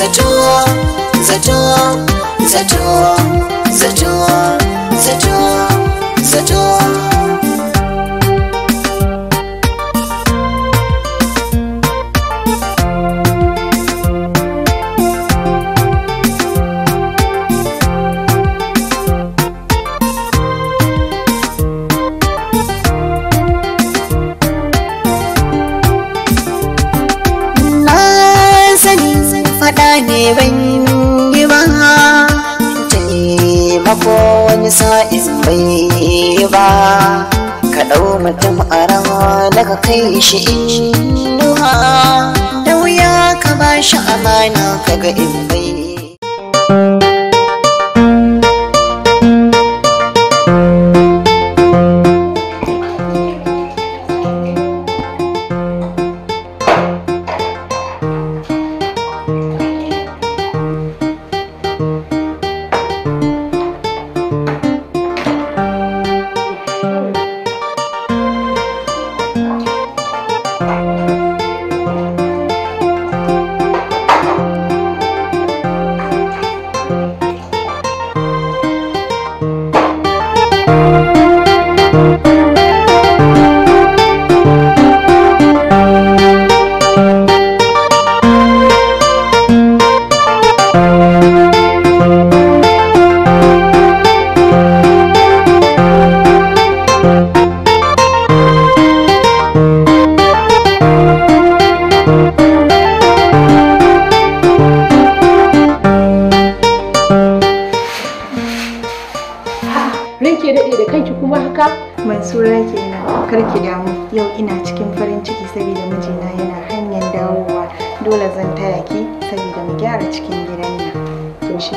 zato the zato the zato shi in da wuya ka ba shi amana kaga in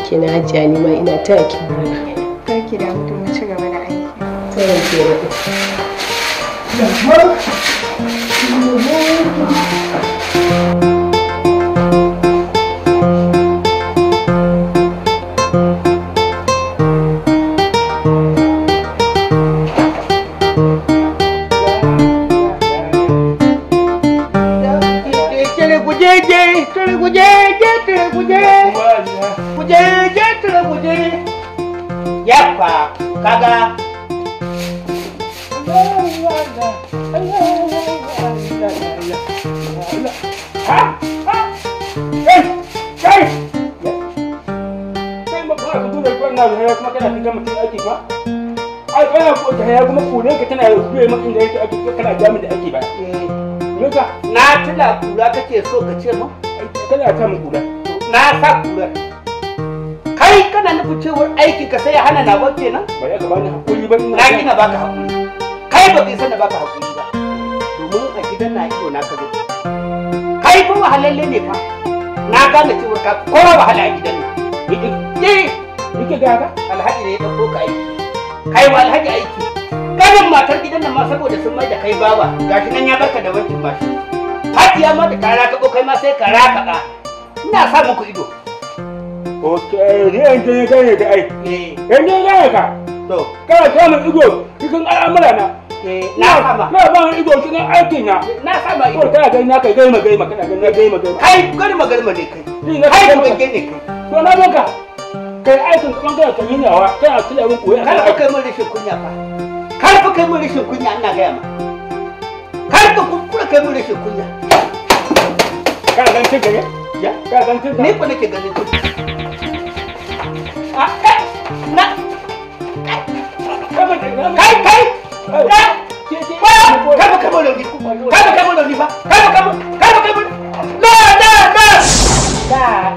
ke na hajiya ne ma ina ta ki murna ki da mutum mu ci gaba da aiki sai ki da ka tana yau zuwa maka inda yake aiki kana jamin da ake ba eh. yoga na tuna kura kake so ka ce mu kana ta mu kura na sa kura kai kana nufin cewar aikin ka sai ya hana na bakke nan ba ya gaba ni hakuri ba na gina baka hakuri kai ba kai sanna baka hakuri ba domin a gidan na ido na ka zo kai fa wahalalle ne fa na gane cewar ka kowa wahala a gidan nan yake ga ka alhaji ne ya dauko ka aiki kai ma alhaji aiki barin matar gidan nan ma saboda sun mai da kai baba gashi nan ya barka da wankin bashi hajiya ma da tara ka kai ma sai ka rakaɗa ina sa muku ido ok riyan ta ne gane da ai yan eh. ne gane ka to kana samun ido cikin al'amura eh, na na sama na ba ni ido cikin aikin na na sama ido kana gani na kai gaima gaima kana gani na gaima gaima kai gaima gaima ne kai kai gaima kai ne kai to na banka kai aikin kaman kana kanyawa kana tilawa koyi kana kai mun rashin kunya fa karfa kai mun rashin kunya ina gaya ma karfa kuskura kai mun rashin kunya ka zan cin gare ya ka zan cin ni ko nake ganin cin a ah, kai na kai kai na karfa kai mun rauni karfa kai mun rauni fa karfa kai mun karfa kai no no no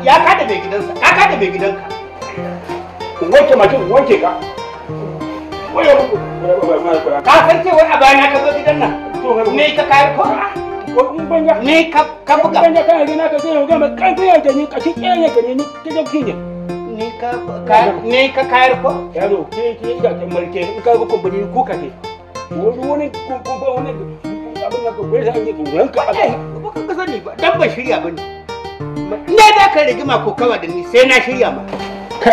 ya kada mai gidansa ka kada mai gidanka wanke mace wanke ka ka san cewa a bayan ka zo gidan nan me ka kai ko me ka ka buga ban ka ka zo ga kan fiye da ni ka ci ka ne ni ta ka ka ne ka kayar ko yaro ke ke da kan in ka ga ku ka ne wani wani wani abin da ka bai ni ranka a ba ka sani ba dan ba shirya bane ne da ka rigima ko kawa da ni sai na shirya ma ka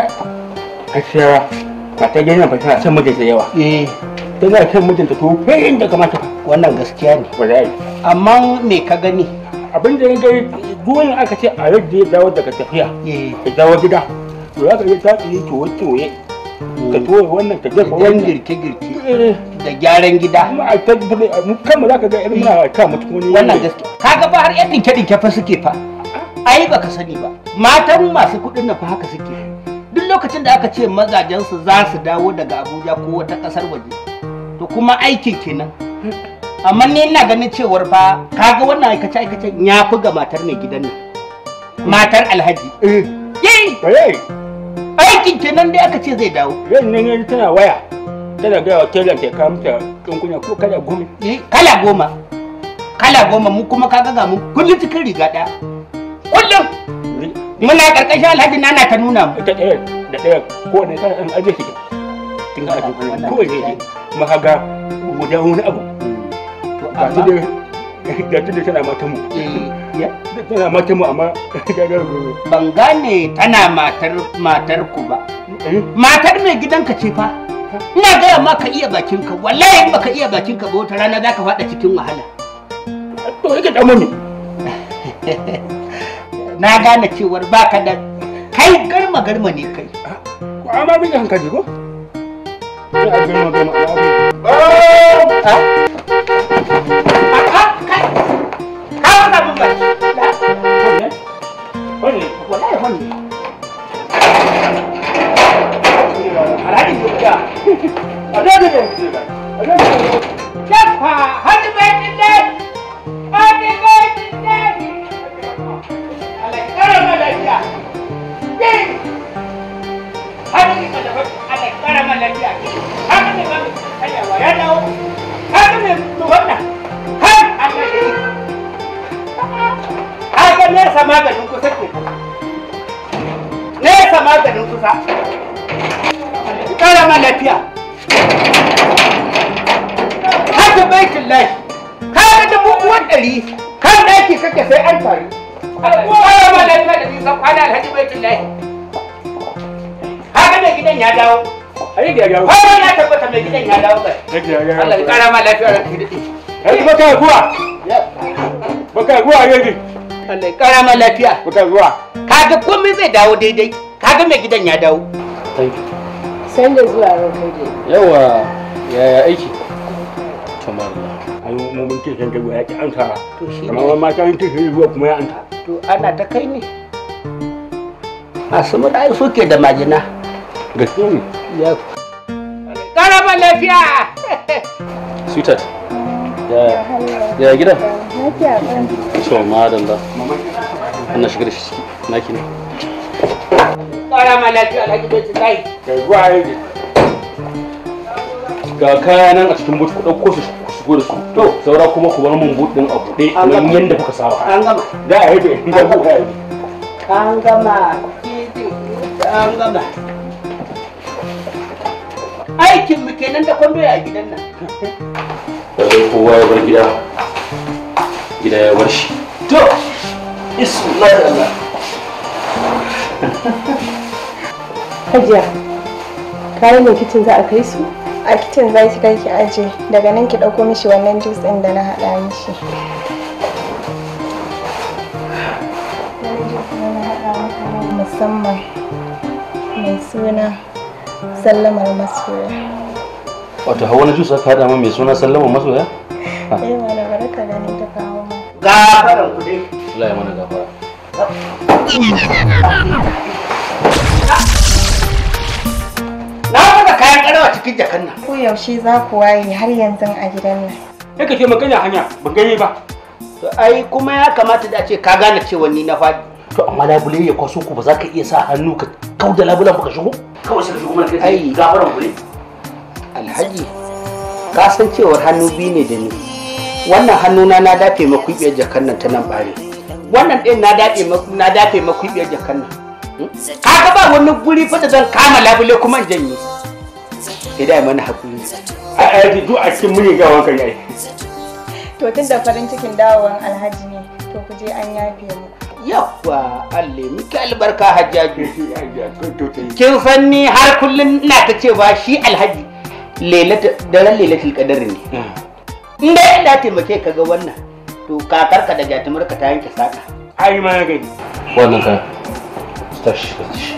ka shirya mata gidan fa tana son mijinta yawa eh tana son mijinta to bayin da kamata wannan gaskiya ne wallahi amma me ka gani abin da ga duwan aka ce a yadda ya dawo daga tafiya eh. ya dawo gida to ya ga ta yi to wace mm. ka toye wannan ka jefa wannan girke girke eh. da gyaran gida kuma a tabbata mu kanmu zaka ga irin muna ka mutum wani wannan gaskiya kaga fa har yan dinke dinke fa suke fa ai baka sani ba matan masu kuɗin nan fa haka suke lokacin da aka ce mazajensu za su dawo daga abuja ko wata kasar waje to kuma aikin kenan amma ni ina ganin cewar fa kaga wannan aikace aikace ya fi ga matar mai gidan nan matar alhaji eh. Eh. aikin kenan dai aka ce zai dawo ran nan yanzu tana waya tana ga wa kelan ta kawo mata tunkunya ko kala goma eh, kala goma kala goma mu kuma kaga ga mu kullum cikin riga daya kullum muna karkashin alhaji nana ta nuna mu ɗaya ne tana an aje shi guda wani abu tana mu eh, tana mu amma ban gane tana matar matar ku ba eh? matar mai gidanka ce fa ina gaya ma ka iya bakin ka wallahi in baka iya bakin ka ba wata rana zaka fada cikin wahala to yake da mani na gane cewar baka da kai garma garma ne kai ko amma bin hankali ko ba kara ma lafiya lafi da ɗari kan ɗaki kake sai an kara ma lafiya da nisan kwana alhaji lafi haka mai gidan ya dawo Ayi da ya tabbata mai gidan ya dawo Allah ya kara ma lafiya da Kai Baka Allah ya kara ma lafiya. Baka komai zai dawo daidai. na ga mai gidan ya dawo thank you sai da zuwa rokaje yawa yaya aiki tamar an mu mun kiran da ya ki anta to shi amma ma mata yin tafi ruwa kuma ya anta to ana ta kai ne masu mu dai ke da majina gaskiya ne ya karaba lafiya sweetheart ya ya gidan Ya a kan. Ma da madalla ana shigar shi ciki naki ne Ga kaya nan a cikin but ku ɗauko su shigo da su. To saura kuma ku bar mun but ɗin a buɗe kamar yadda kuka saba. An gama. Da a yi da in An gama. An gama. Aikin mu kenan da kwando gidan nan. Da dai kowa ya bar gida. Gida ya bar shi. To. Isu Hajiya, kayan da kicin za a kai su? A kicin za ki kai ki aje, daga nan ki ɗauko mishi wannan jus ɗin da na haɗa mishi. musamman mai suna sallamar masoya. Wato hawa na jus aka haɗa mai suna sallamar masoya? Eh, mana baraka da ni ta kawo ma. Gafaran kuɗi. Allah ya mana gafara. sa kayan karawa cikin jakan nan. Ko yaushe za ku waye har yanzu a gidan nan. Sai ka ce magana hanya ban gani ba. To ai kuma ya kamata da ce ka gane cewa ni na faɗi. To amma labule ya kwaso ku ba za ka iya sa hannu ka kau da labulan ka shigo? Kawai sai ka shigo mana kai ai gafaran ku ne. Alhaji ka san cewar hannu biyu ne da ni. Wannan hannuna na dafe makwibiyar jakan nan ta nan bare. Wannan ɗin na dafe makwibiyar jakan nan. Hmm? Kaga ba wani guri fa da zan kama labule kuma in janye. ke da mana hakuri a aiki du a cikin muni ga wankan yayi to tun da farin cikin dawowan alhaji ne to ku je an yafe mu yawa alle miki albarka hajjaju kin fanni har kullun ina ta cewa shi alhaji lelata ran lelatul qadar ne ah. in dai da taimake ka ga wannan to kakarka da ka ta yanke saka ai ma ga wannan ka tashi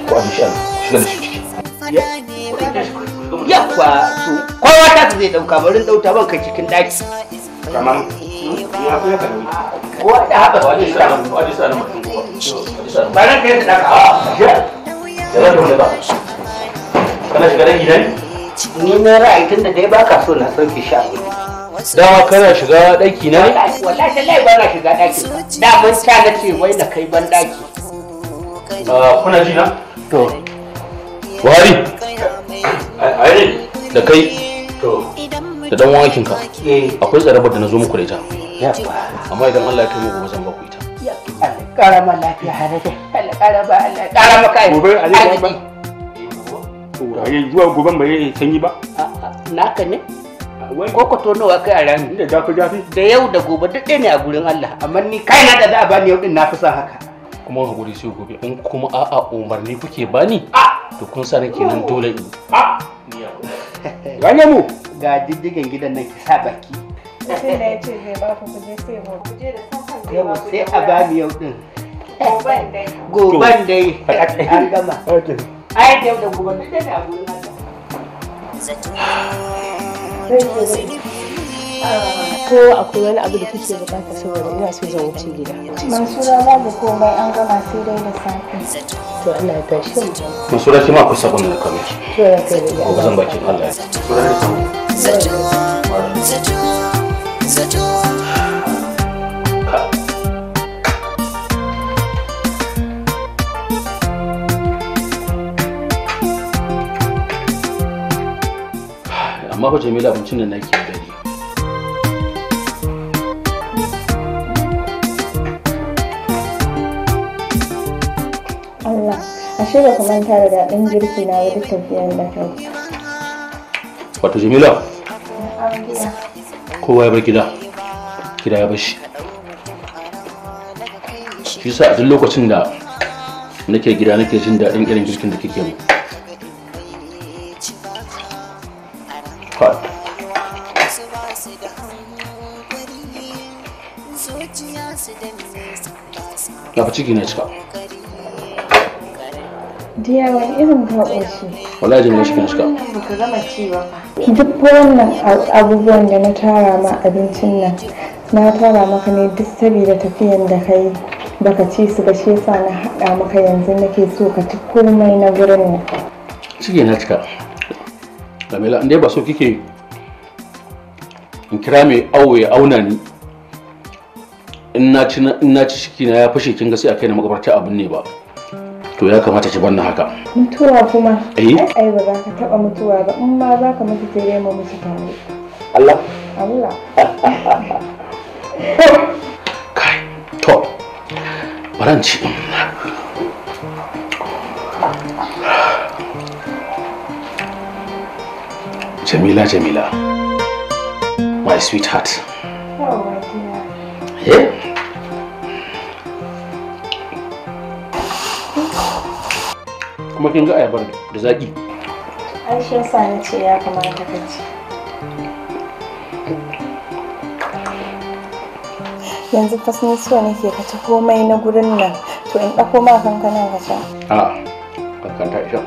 ko an sha da shi ciki yakwa to kowa ta zai dauka barin dauta ban kai cikin daki kamar ya kuma kamar ko da haba ba ne sa ba ne sa na mutum ko ba na kai da daka a ya da ba ba kana shiga dan gidan ni na ra'ayi tunda dai baka so na sauke sha a dama kana shiga daki na wallahi sallai ba na shiga daki da mun ta na ce wai da kai ban daki ah, kuna ji na to Wari. ai da kai to da dan wakin ka eh. akwai tsarabar da na zo muku da ita amma idan Allah ya kai mu gobe zan ba ku ita karama lafiya halaje karama Allah karama kai gobe a je ba ai zuwa goben bai sanyi ba naka ne ko ko tono wa kai a rami da jafi jafi da yau da gobe duk ɗaya ne a gurin Allah amma ni kaina da za a bani yau din na fi son haka kuma hakuri sai gobe in kuma a'a umarni kuke bani a'a to kun sani kenan nan dole in ah! ganye mu ga diddigan gidan nan ki sa baki sai na ce zai ba ku kuje sai mu kuje da sakan yau sai a ba mu yau din goban dai goban dai an gama ai da yau da goban da na gurin Thank you. ko akwai wani abu da kuke bukata saboda ina so zan wuce gida mansura babu komai an gama sai dai da safe to Allah ya tashi mansura shi ma ku sabon da kamar to ya kai da zan baki Allah ya zato amma fa Jamila abincin da nake da ashe ba ka manta da daɗin girki na wata tafiyar da kai wato jamila kowa ya bar gida gida ya bar shi shi sa a duk lokacin da nake gida nake jin daɗin irin girkin da kike mu Ya fi ciki na cika irin Wala jin mashi kan shika. gama ci ba Duk wannan abubuwan da na tara ma abincin nan na tara maka ne duk saboda tafiyan da kai baka ci su ba shi yasa na haɗa maka yanzu nake so ka ci komai na gurin Cike na cika. ba so kike in kira mai awo ya auna ni in na ci ciki na ya fashe kin ga a kai na makabarta abin ne ba. to ya kamata ki banna haka mutuwa kuma eh ai ba za ka taba mutuwa ba in ma za ka mutu sai dai mu mutu tare Allah Allah kai to baranci Jamila Jamila my sweetheart oh my dear yeah kuma kin ga ayabar da zaki ai shi yasa na ce ya kamata ka ci yanzu fa sun so nake ka ci komai na gurin nan to in ɗauko ma kankanan ka sha a ta sha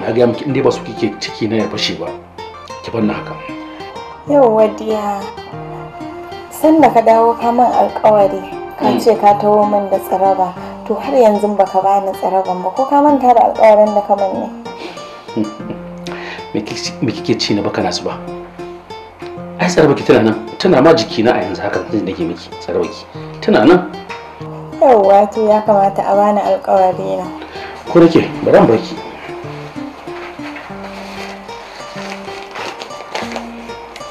na ga miki inda ba su kike ciki na ya fashe ba ki bar haka yau wadiya sanda ka dawo ka alƙawari ka ce ka tawo min da tsaraba to har yanzu baka bani tsaraban ba ko ka manta da alƙawarin da ka manne me kike ci na baka nasu ba ai tsare baki tana nan tana ma jiki na a yanzu haka zan nake miki tsaraba ki tana nan yawwa to ya kamata a bani alƙawari na ko nake bari an baki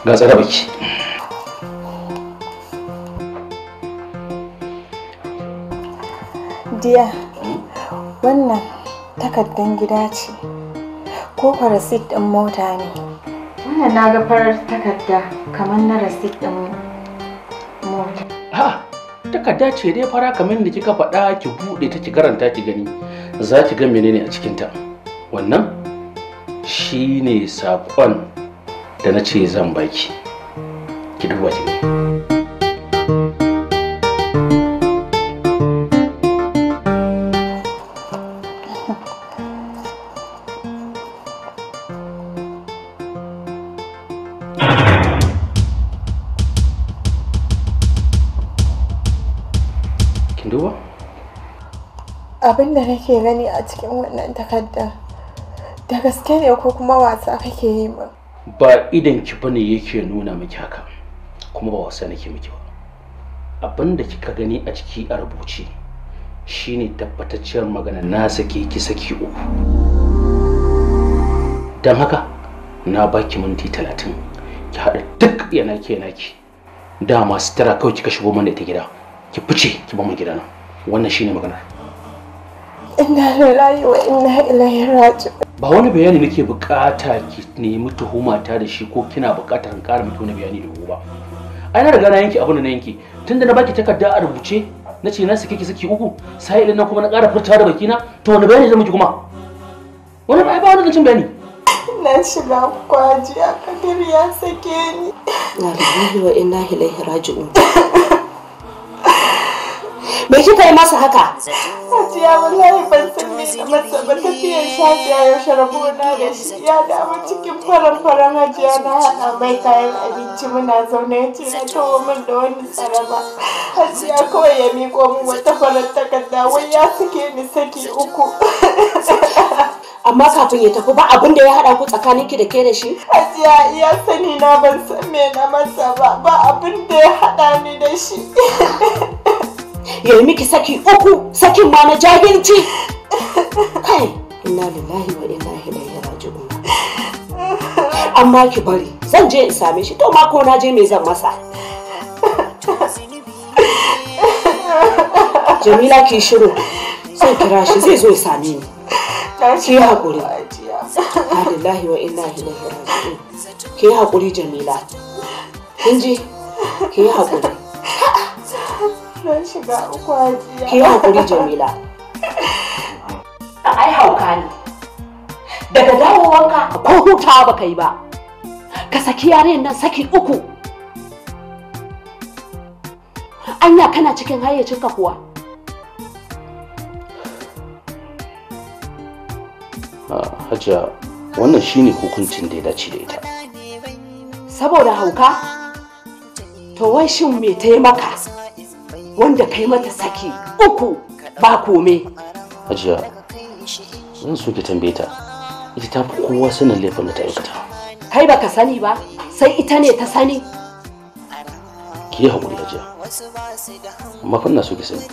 ga tsaraba ki Diya, wannan takardar gida ce, ko kwa rasit ɗin mota ne. Wannan na ga farar takarda kamar na rasit ɗin mota. Ha, takarda ce dai fara kamar da kika faɗa ki buɗe ta ki karanta ki gani. Za ki ga menene a cikinta. Wannan shi ne saƙon da na ce zan baki. Ki duba ki abin da nake gani a cikin wannan takardar da gaske ne ko kuma wasa kake yi min ba idan ki bane yake nuna miki haka kuma ba wasa nake miki ba abin da kika gani a ciki a rubuce shine tabbatacciyar magana na sake ki saki uku don haka na baki minti talatin ki haɗa duk yana ke naki dama sitara kawai kika shigo mana ta gida ki fice ki ba gidana wannan shine maganar Inna lillahi wa inna ilaihi raji'un. Ba wani bayani nake bukata ki nemi tuhuma ta da shi ko kina bukatar ƙara miki wani bayani da gobe ba. Ai na riga na yanke abin da na yanke. Tunda na baki takarda a rubuce na ce na sake ki saki uku sai idan na kuma na ƙara furta da bakina to wani bayani zan miki kuma? Wani ba wani cin bayani. Na shiga kwaji a kadir ya sake ni. Na lillahi wa inna ilaihi raji'un. me kika yi masa haka Hajiya wallahi ban san me masa ba ta tafiyar shafiya ya sharabu na da shi ya dawo cikin faran faran hajiya na haɗa mai kayan abinci muna zaune ya ce na tawo min da wani tsaraba hajiya kawai ya miko min wata farar takarda wai ya suke ni saki uku amma kafin ya tafi ba abin da ya haɗa ku tsakanin ki da ke da shi? Hajiya iya sani na ban san me na masa ba ba abin da ya haɗa ni da shi. ya yi miki saki uku sakin ma na jahilci kai inna lillahi wa inna ilaihi raji'un amma ki bari zan je in same shi to ma ko na je me zan masa jamila ki shiru sai kira shi zai zo ya same ni ki hakuri. inna lillahi wa inna ilaihi raji'un ki hakuri jamila kin ji ki hakuri. Zan shiga uku Jamila. Ai hauka ne. Daga dawowanka ko hutawa baka yi ba. Ka saki yaren nan saki uku. Anya kana cikin hayyacinka kuwa. Ah, Hajiya, wannan shine hukuncin da ya dace da ita. Saboda hauka? To wai shin me taimaka? wanda kai mata saki uku ba kome ajiya zan so ki tambaye ta ita ta fi kowa sanin laifin da ta aikata kai baka sani ba sai ita ne ta sani ki yi haƙuri ajiya amma fa na so ki sani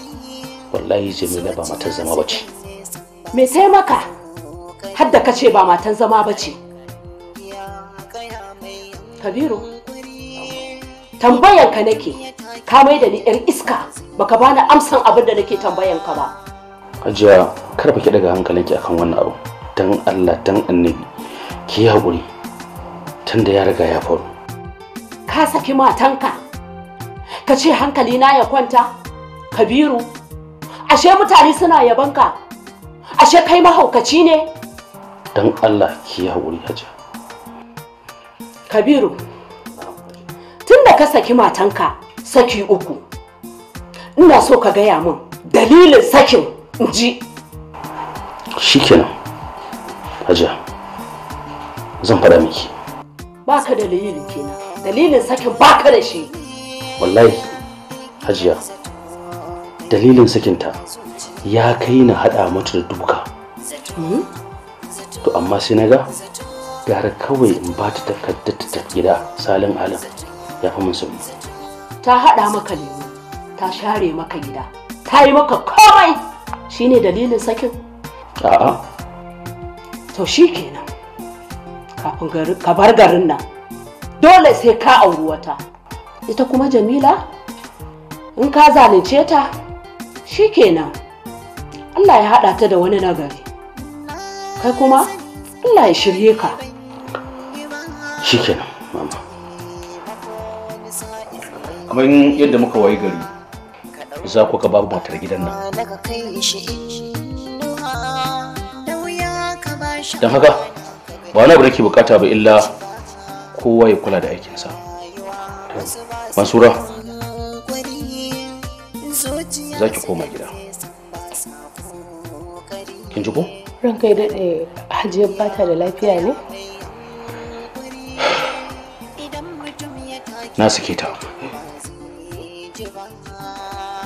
wallahi jamila ba matan zama ba ce me sai maka hadda ka ce ba matan zama ba ce kabiru tambayar ka nake ka mai da ni yar iska baka bani amsan abin da nake tambayan ka ba ajiya kar ba ki daga hankalinki akan wannan abu dan Allah dan annabi ki haƙuri tunda ya riga ya faru ka saki matanka ka ce hankali na ya kwanta kabiru ashe mutane suna yabanka ashe kai mahaukaci ne dan Allah ki haƙuri hajiya kabiru tunda ka saki matanka saki uku ina so ka gaya min dalilin sakin in ji shikenan hajiya zan fada miki ba ka dalilin kenan dalilin sakin ba ka da shi wallahi hajiya dalilin sakinta ya kai na haɗa mata da duka hmm? to amma sai na ga gara kawai in ba ta takardar ta gida salin alam ya fi mun sauki ta haɗa maka lemu ta share maka gida ta yi maka komai shine dalilin sakin a'a to shi kenan kafin ka bar garin nan dole sai ka auri wata ita kuma jamila in ka zalunce ta shi kenan allah ya haɗa ta da wani nagari kai kuma allah ya shirye ka shikenan kamar yadda muka wayi gari za ku ka babu matar gidan nan don haka ba wani abu da bukata ba illa kowa ya kula da aikinsa mansura za ki koma gida kin ji ko ranka ya daɗe hajiyar bata da lafiya ne na suke ta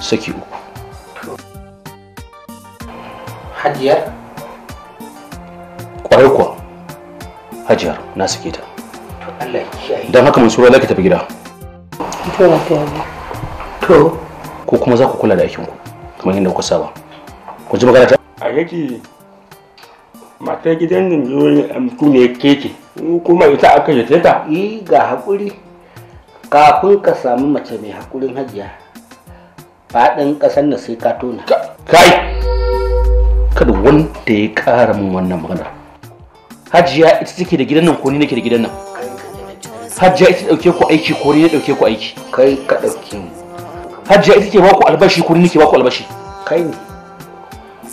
saki uku hajiyar kwarai kuwa hajiyar na sake ta don haka mansura za ki tafi gida to ko kuma za ku kula da aikinku kamar yadda kuka saba ku ji magana ta a yake mata gidan nan yoyi amtu ne keke kuma ita aka yi ta ta yi ga haƙuri kafin ka samu mace mai haƙurin hajiya faɗin ƙasar na sai ka tona kai kada wanda ya ƙara min wannan magana hajiya ita take da gidan nan ko ni nake da gidan nan hajiya ita ɗauke ku aiki ko ni na ɗauke ku aiki kai ka ɗauki mu hajiya ita ke baku albashi ko ni nake baku albashi kai ne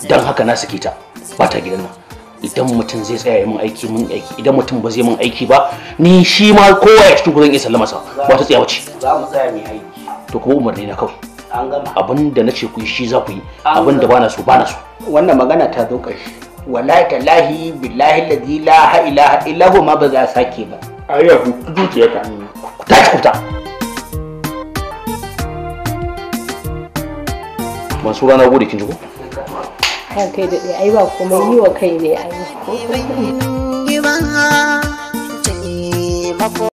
dan haka na sake ta ba ta gidan nan idan mutum zai tsaya mun aiki mun aiki idan mutum ba zai mun aiki ba ni shi ma kowa ya cikin zan iya sallama sa ba ta tsaya wace za mu tsaya mai aiki to kuma umarni na kawai an gama abin da na ce ku yi shi za ku yi abin da na so ba na so wannan magana ta zo ƙarshe wallahi tallahi billahi ladhi la ilaha illa hu ma ba za a sake ba ayya mm. ku dukiyarka ku ta ku ta Mansura na gode kin ji ko? kan kai da ɗaya kuma yi wa kai ne ai ko